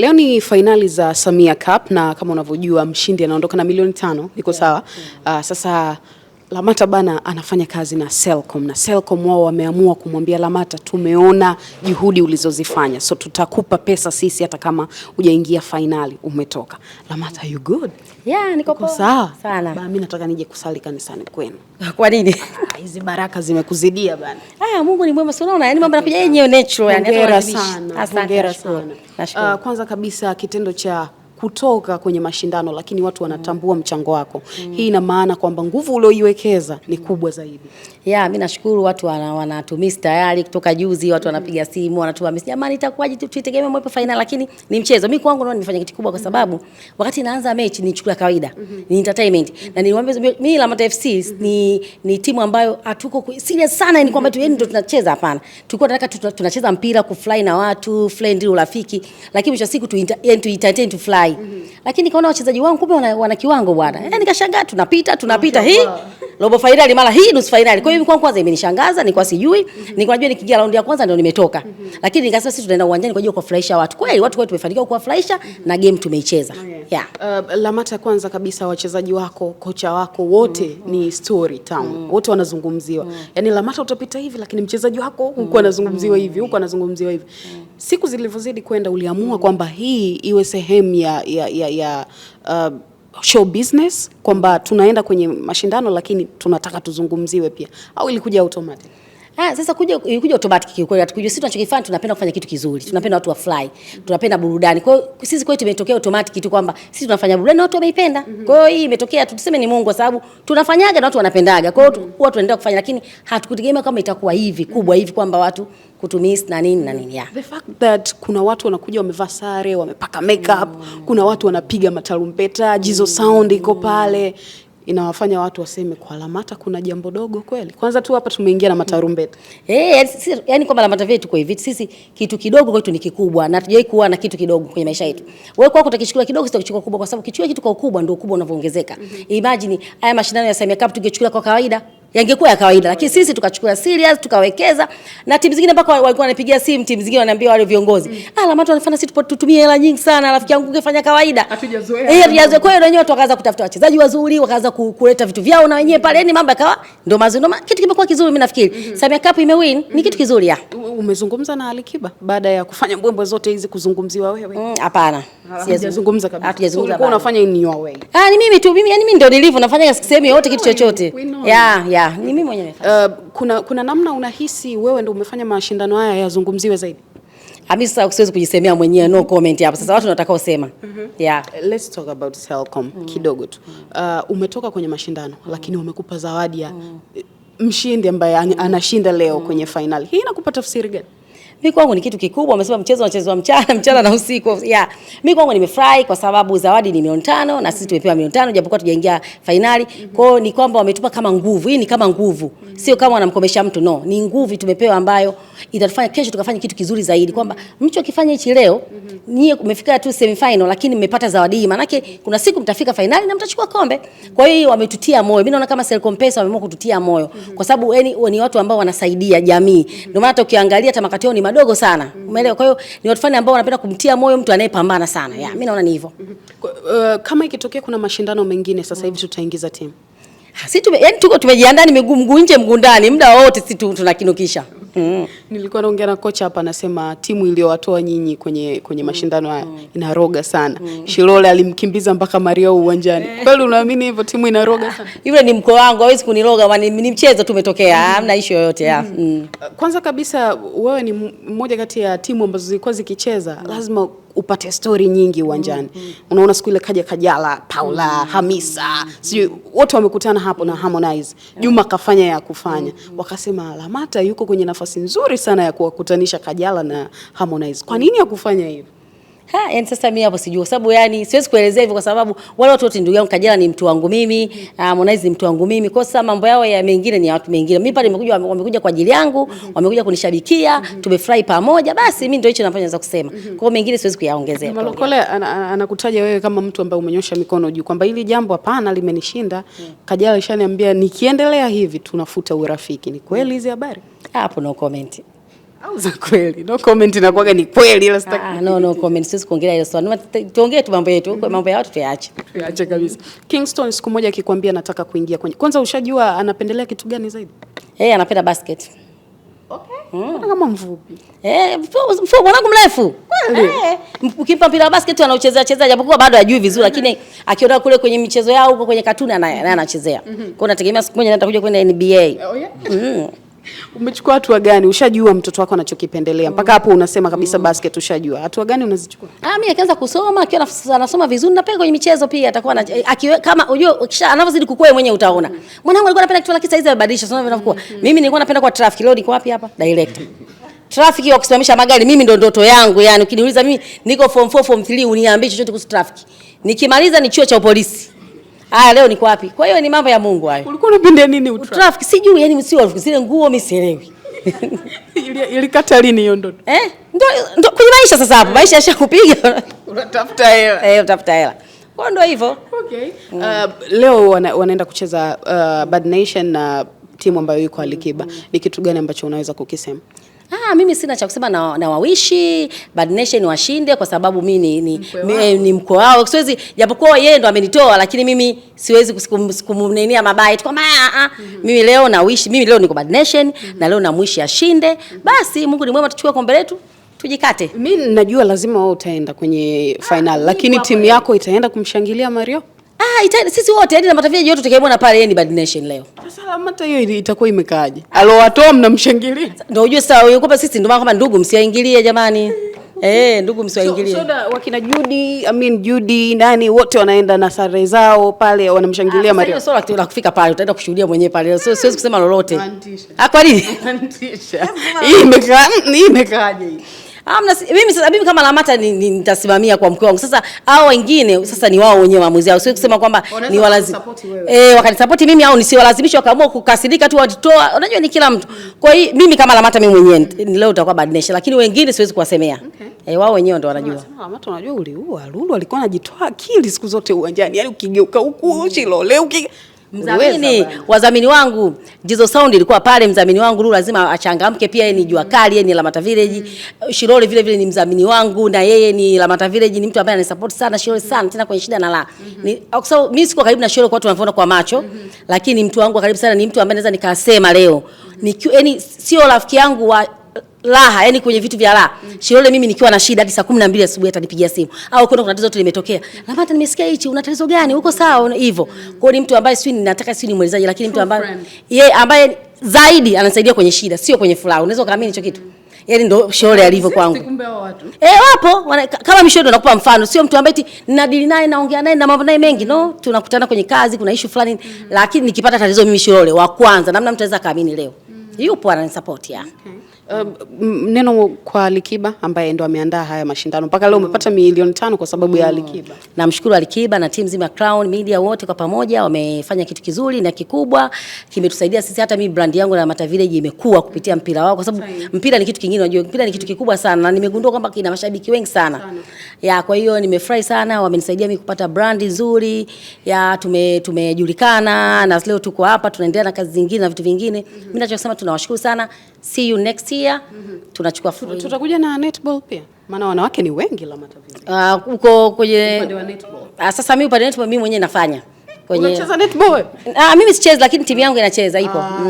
Leo ni fainali za Samia Cup na kama unavyojua mshindi anaondoka na milioni tano. Niko sawa? Yeah. Mm. Uh, sasa Lamata bana anafanya kazi na Selcom na Selcom wao wameamua kumwambia Lamata, tumeona juhudi ulizozifanya, so tutakupa pesa sisi hata kama hujaingia fainali, umetoka. Lamata, you good? Yeah, niko poa sana. Ba, mimi nataka nije kusali kanisani kwenu. Kwa nini? Ah, hizi baraka zimekuzidia bana. Haya, ah, Mungu ni mwema, si unaona? Yaani mambo yanakuja yenyewe natural, yani hata sana. Hongera sana. Nashukuru. Uh, kwanza kabisa kitendo cha kutoka kwenye mashindano, lakini watu wanatambua mm. mchango wako mm. Hii ina maana kwamba nguvu ulioiwekeza ni mm. kubwa zaidi. Yeah, mimi nashukuru watu wanatumisi wana tayari kutoka juzi, watu wanapiga mm. simu wanatuma message, jamani, itakuwaje? Tuitegemee mwepo final, lakini ni mchezo. Mimi kwangu naona nifanya kitu kubwa, kwa sababu wakati naanza mechi nichukua kawaida mm -hmm. ni entertainment mm -hmm. na niwaambie mimi Lamata FC mm -hmm. ni ni timu ambayo hatuko serious sana, ni kwamba tu mm-hmm. yeye ndio tunacheza, hapana. Tulikuwa tunataka tunacheza mpira, kufly na watu, friend rafiki, lakini mwisho siku tu entertain to fly sifai mm -hmm. Lakini nikaona wachezaji wangu kumbe wana, wana kiwango bwana mm -hmm. nikashangaa tunapita tunapita hii Robo finali mara hii nusu finali. Kwa hiyo mhm. kwa kwanza imenishangaza, nilikuwa sijui, mhm. nilikuwa najua nikiingia raundi ya kwanza ndio nimetoka. Mhm. Lakini nikasema sisi tunaenda uwanjani kwa ajili ya kuwafurahisha watu. Kweli watu kweli tumefanikiwa kuwafurahisha na game tumeicheza. Oh, yeah. Uh, Lamata, kwanza kabisa wachezaji wako, kocha wako wote mm -hmm. ni story town. Mm -hmm. Wote wanazungumziwa. Mm -hmm. Yaani Lamata utapita hivi lakini mchezaji wako huko anazungumziwa mm -hmm. hivi, huko anazungumziwa hivi. Mm -hmm. Siku zilivyozidi kwenda, uliamua kwamba hii iwe sehemu ya, ya, ya, ya uh, show business kwamba tunaenda kwenye mashindano lakini tunataka tuzungumziwe pia, au ilikuja automatic? Ah, sasa kuja kuja automatic kiukweli, hatukujua sisi tunachokifanya, tunapenda kufanya kitu kizuri, tunapenda watu wa fly, tunapenda burudani. Kwa hiyo sisi kwetu imetokea automatic tu kwamba sisi tunafanya burudani na watu wameipenda. Mhm. Kwa hiyo hii imetokea tu, tuseme ni Mungu, kwa sababu tunafanyaga na watu wanapendaga. Kwa hiyo mhm. huwa tunaendelea kufanya, lakini hatukutegemea kama itakuwa hivi kubwa mhm. hivi kwamba watu kutumis na nini na nini. ya. The fact that kuna watu wanakuja wamevaa sare, wamepaka makeup, mm. kuna watu wanapiga matarumpeta, jizo mm. sound iko pale inawafanya watu waseme kwa Lamata kuna jambo dogo kweli. Kwanza tu hapa tumeingia na matarumbeta eh, yani kwamba Lamata vetu kwa hivi sisi, kitu kidogo kwetu ni kikubwa, na tujai kuwa na kitu kidogo kwenye maisha yetu. Wewe kwako utakichukua kidogo, sitakichukua kubwa, kwa sababu kichukua kitu kwa ukubwa ndio ukubwa unavyoongezeka. Mhm. Imagine haya mashindano ya Samia Cup tungechukulia kwa kawaida yangekuwa ya kawaida, lakini sisi tukachukua serious tukawekeza, na timu zingine mpaka walikuwa wanapigia simu timu zingine wanaambia wale viongozi mm. Ah, Lamata wanafanya sisi tutumie hela nyingi sana, rafiki yangu ungefanya kawaida, hatujazoea eh, hatujazoea. Kwa hiyo wenyewe tukaanza kutafuta wachezaji wazuri, wakaanza kuleta vitu vyao na wenyewe pale, yani mambo yakawa ndo mazuri, ndo kitu kimekuwa kizuri. Mimi nafikiri mm -hmm. Samia Cup imewin mm -hmm. ni mm-hmm. kitu kizuri ya umezungumza na Alikiba baada ya kufanya mbwembwe zote hizi kuzungumziwa wewe? Mm, hapana, ah, sijazungumza kabisa. Hatujazungumza. Unafanya in your way. Ah, ni mimi tu mimi, yani mimi ndio nilivyo nafanya sehemu yote kitu chochote. Yeah, yeah yeah, ni mimi mwenyewe Uh, kuna, kuna namna unahisi wewe ndio umefanya mashindano haya yazungumziwe zaidi? Hamisa, siwezi kujisemea mwenyewe, no comment hapo. Sasa watu wanataka usema. mm -hmm. Yeah. Let's talk about Selcom mm -hmm. kidogo tu. Uh, umetoka kwenye mashindano mm -hmm. lakini umekupa zawadi ya mm -hmm. mshindi ambaye anashinda leo mm -hmm. kwenye final. Hii inakupa tafsiri gani? mimi kwangu ni kitu kikubwa. Amesema mchezo unachezwa mchana, mchana na usiku. ya Yeah, mimi kwangu nimefurahi kwa sababu zawadi ni milioni tano na sisi tumepewa milioni tano japokuwa tujaingia fainali. Kwa hiyo ni kwamba wametupa kama nguvu, hii ni kama nguvu, mm -hmm. sio kama wanamkomesha mtu, no, ni nguvu tumepewa ambayo itatufanya kesho tukafanya kitu kizuri zaidi, kwamba mcho akifanya hichi leo, nyie mmefika tu semi final, lakini mmepata zawadi hii, maanake kuna siku mtafika fainali na mtachukua kombe. Kwa hiyo wametutia moyo, mimi naona kama Selcom Pesa wameamua kututia moyo kwa sababu ni watu ambao wanasaidia jamii, ndio maana hata ukiangalia hata makatio ni madogo sana. Umeelewa? Kwa hiyo ni watu fulani ambao wanapenda kumtia moyo mtu anayepambana sana. Yeah, mimi naona ni hivyo. Uh, kama ikitokea kuna mashindano mengine sasa hivi tutaingiza timu. Sisi tume, yani tuko tumejiandaa ni miguu mguu nje mguu ndani muda wote sisi tunakinukisha mm. Nilikuwa naongea na kocha hapa, anasema timu iliyowatoa nyinyi kwenye, kwenye mashindano haya mm. inaroga sana mm. Mm-hmm. Shilole alimkimbiza mpaka Mario uwanjani eh. Kweli unaamini hivyo, timu inaroga sana? Yule ni mko wangu, hawezi kuniroga, ni mchezo tu umetokea, hamna mm. ishu yoyote mm. mm. Kwanza kabisa wewe ni mmoja kati ya timu ambazo zilikuwa zikicheza mm. lazima upate stori nyingi uwanjani. mm -hmm. Unaona siku ile kaja Kajala, Paula, mm -hmm. Hamisa, si wote wamekutana hapo na Harmonize. Juma kafanya ya kufanya, mm -hmm. wakasema Lamata yuko kwenye nafasi nzuri sana ya kuwakutanisha Kajala na Harmonize. Kwa nini ya kufanya hivyo? Ha, yani sasa mimi hapo sijui sababu yani siwezi kuelezea hivyo kwa sababu wale watu wote ndugu yangu Kajala ni mtu wangu mimi, mm-hmm. uh, Harmonize ni mtu wangu mimi. Kwa sasa mambo yao ya mengine ni ya watu wengine. Mimi pale nimekuja wamekuja kwa ajili yangu, mm -hmm. wamekuja kunishabikia, mm -hmm. tumefurahi pamoja. Basi mimi ndio hicho za kusema. Mm -hmm. Kwa hiyo mengine siwezi kuyaongezea. Malokole anakutaja wewe kama mtu ambaye umenyosha mikono juu kwamba hili jambo hapana limenishinda. Mm. Kajala alishaniambia nikiendelea hivi tunafuta urafiki. Ni kweli hizi habari? Hapo no comment au za kweli? No comment inakuwaga ni kweli, ila sitaki. Ah, no no comment, sisi kuongelea ile swali. Tuongee tu mambo yetu, mambo ya watu tuyaache. Tuyaache kabisa. Kingston siku moja akikwambia nataka kuingia kwenye. Kwanza ushajua anapendelea kitu gani zaidi? Eh, hey, anapenda basket. Okay. Hmm. Kama mfupi. Eh, mfupi mwanangu mrefu. Eh, ukimpa mpira wa basket anauchezea chezea japokuwa bado hajui vizuri mm-hmm. lakini akiona kule kwenye michezo yao huko kwenye katuni naye anachezea. Mm-hmm. Kwa hiyo nategemea siku moja atakuja kwenda NBA. Oh yeah. Mm. Umechukua hatua gani? Ushajua mtoto wako anachokipendelea mpaka mm. hapo unasema kabisa mm. basket, ushajua hatua gani unazichukua? Ah, mimi akianza kusoma, akiwa anasoma vizuri, na napenda kwenye michezo pia, atakuwa na akiwe, kama unajua kisha anavyozidi kukua yeye mwenyewe utaona. Mm. Mwanangu alikuwa anapenda kitu lakini saizi amebadilisha, sio vinavyokuwa. Mm-hmm. Mimi nilikuwa napenda kwa traffic, leo niko wapi hapa? Director traffic ya kusimamisha magari, mimi ndo ndoto yangu. Yani ukiniuliza mimi niko form 4 form 3, uniambie chochote kuhusu traffic, nikimaliza ni chuo cha polisi Ah, leo niko wapi? Kwa hiyo ni mambo ya Mungu hayo. Ulikuwa unapenda nini utrafiki? Utrafiki sijui, yani msio zile nguo mimi sielewi. Ilikata lini hiyo ndoto? Eh? Ndio ndo kwenye maisha sasa hapo. Maisha yashakupiga. Unatafuta hela. Eh, unatafuta hela. Kwa ndo hivyo. Okay. Mm. Uh, leo wana, wanaenda kucheza uh, Bad Nation na uh, timu ambayo yuko Alikiba. Mm. Ni kitu gani ambacho unaweza kukisema? ah, mimi sina cha kusema na, na wawishi Bad Nation washinde kwa sababu mimi ni, ni, mkwe ni mkwe wao, siwezi japokuwa yeye ndo amenitoa, lakini mimi siwezi kumnenia mabaya tu kwamba ah, mm -hmm. mimi leo na mimi leo niko Bad Nation mm -hmm. na leo na mwishi ashinde. Mhm. Basi Mungu ni mwema, tuchukue kombe letu tujikate. Mimi najua lazima wewe utaenda kwenye ah, final, lakini timu yako itaenda kumshangilia Mario. Ah, ita, sisi wote yani na matafia yote tukaibona pale yani ni Bad Nation leo. Sasa Lamata hiyo itakuwa imekaaje? Alo watoa mnamshangilia. Ndio unajua sasa yuko sisi ndio maana kama ndugu msiaingilie jamani. Eh, ndugu msiwaingilie. So, soda wakina Judy, I mean Judy, nani wote wanaenda na sare zao pale wanamshangilia ah, Maria. Sasa soda la kufika pale utaenda kushuhudia mwenyewe pale. Sio siwezi kusema lolote. Ah, kwa nini? Hii imekaa, hii imekaaje hii? Amna ah, mimi sasa mimi kama Lamata nitasimamia kwa mke wangu. Sasa hao wengine sasa ni wao wenyewe waamuzi hao. Sio kusema kwamba ni walazi. Eh, wakanisupport mimi au nisiwalazimisha wakaamua kukasirika tu watitoa. Unajua ni kila mtu. Kwa hiyo mimi kama Lamata mimi mwenyewe leo utakuwa badnesha lakini wengine siwezi kuwasemea. Okay. Eh, wao wenyewe ndio wanajua. Lamata unajua uliua. Lulu alikuwa anajitoa akili siku zote uwanjani. Yaani ukigeuka huku ushilole uki mzamini wadhamini wangu Jizo Sound ilikuwa pale, mzamini wangu Lulu lazima achangamke pia, yeye ni jua kali, yeye ni Lamata Village. Mm. Shirole vile vile ni mzamini wangu na yeye ni Lamata Village, ni mtu ambaye ananisupport sana Shirole sana tena kwenye shida na la. Mm-hmm. Ni kwa sababu mimi siko karibu na Shirole kwa watu wanavyoona kwa macho, mm-hmm. lakini mtu wangu karibu sana ni mtu ambaye naweza nikasema leo. Mm-hmm. Ni yani sio rafiki yangu wa raha yani kwenye vitu vya raha mm. Shilole mimi nikiwa na shida hadi saa 12 asubuhi atanipigia simu au kuna kuna tatizo tu limetokea, na hata nimesikia hichi, una tatizo gani Uko Sawa, hivyo kwa ni mtu ambaye sio ninataka sio ni mwelezaji, lakini mtu ambaye yeye ambaye zaidi anasaidia kwenye shida, sio kwenye furaha. Unaweza kaamini hicho kitu mm. Yaani ndo shole alivyo kwangu. Eh, wapo wana, kama Mishori nakupa mfano, sio mtu ambaye ninadili naye naongea naye na mambo naye mengi no, tunakutana kwenye kazi kuna issue fulani mm. Lakini nikipata tatizo mimi shole wa kwanza namna mtu anaweza kaamini leo. Mm. Yupo ananisupport ya. Okay. Um, neno kwa Alikiba ambaye ndo ameandaa haya mashindano mpaka leo umepata milioni tano kwa sababu mm. ya Alikiba. Namshukuru Alikiba na timu nzima Crown Media wote kwa pamoja wamefanya kitu kizuri na kikubwa, kimetusaidia sisi. Hata mimi brand yangu na Mata Village imekuwa kupitia mpira wao, kwa sababu mpira ni kitu kingine. Unajua mpira ni kitu kikubwa sana, na nimegundua kwamba kina mashabiki wengi sana sana. ya, kwa hiyo nimefurahi sana, wamenisaidia mimi kupata brand nzuri ya, tume tumejulikana na leo tuko hapa, tunaendelea na kazi zingine na vitu vingine. Mimi nachosema tunawashukuru sana, see you next year pia mm -hmm. tunachukua free. Tutakuja na netball pia, maana wanawake ni wengi la matavizi. Ah, huko uko kwenye uh, sasa mimi upande wa netball mimi ah, mwenyewe nafanya kwenye unacheza netball ah, mimi sichezi, lakini timu yangu inacheza ipo ah. mm.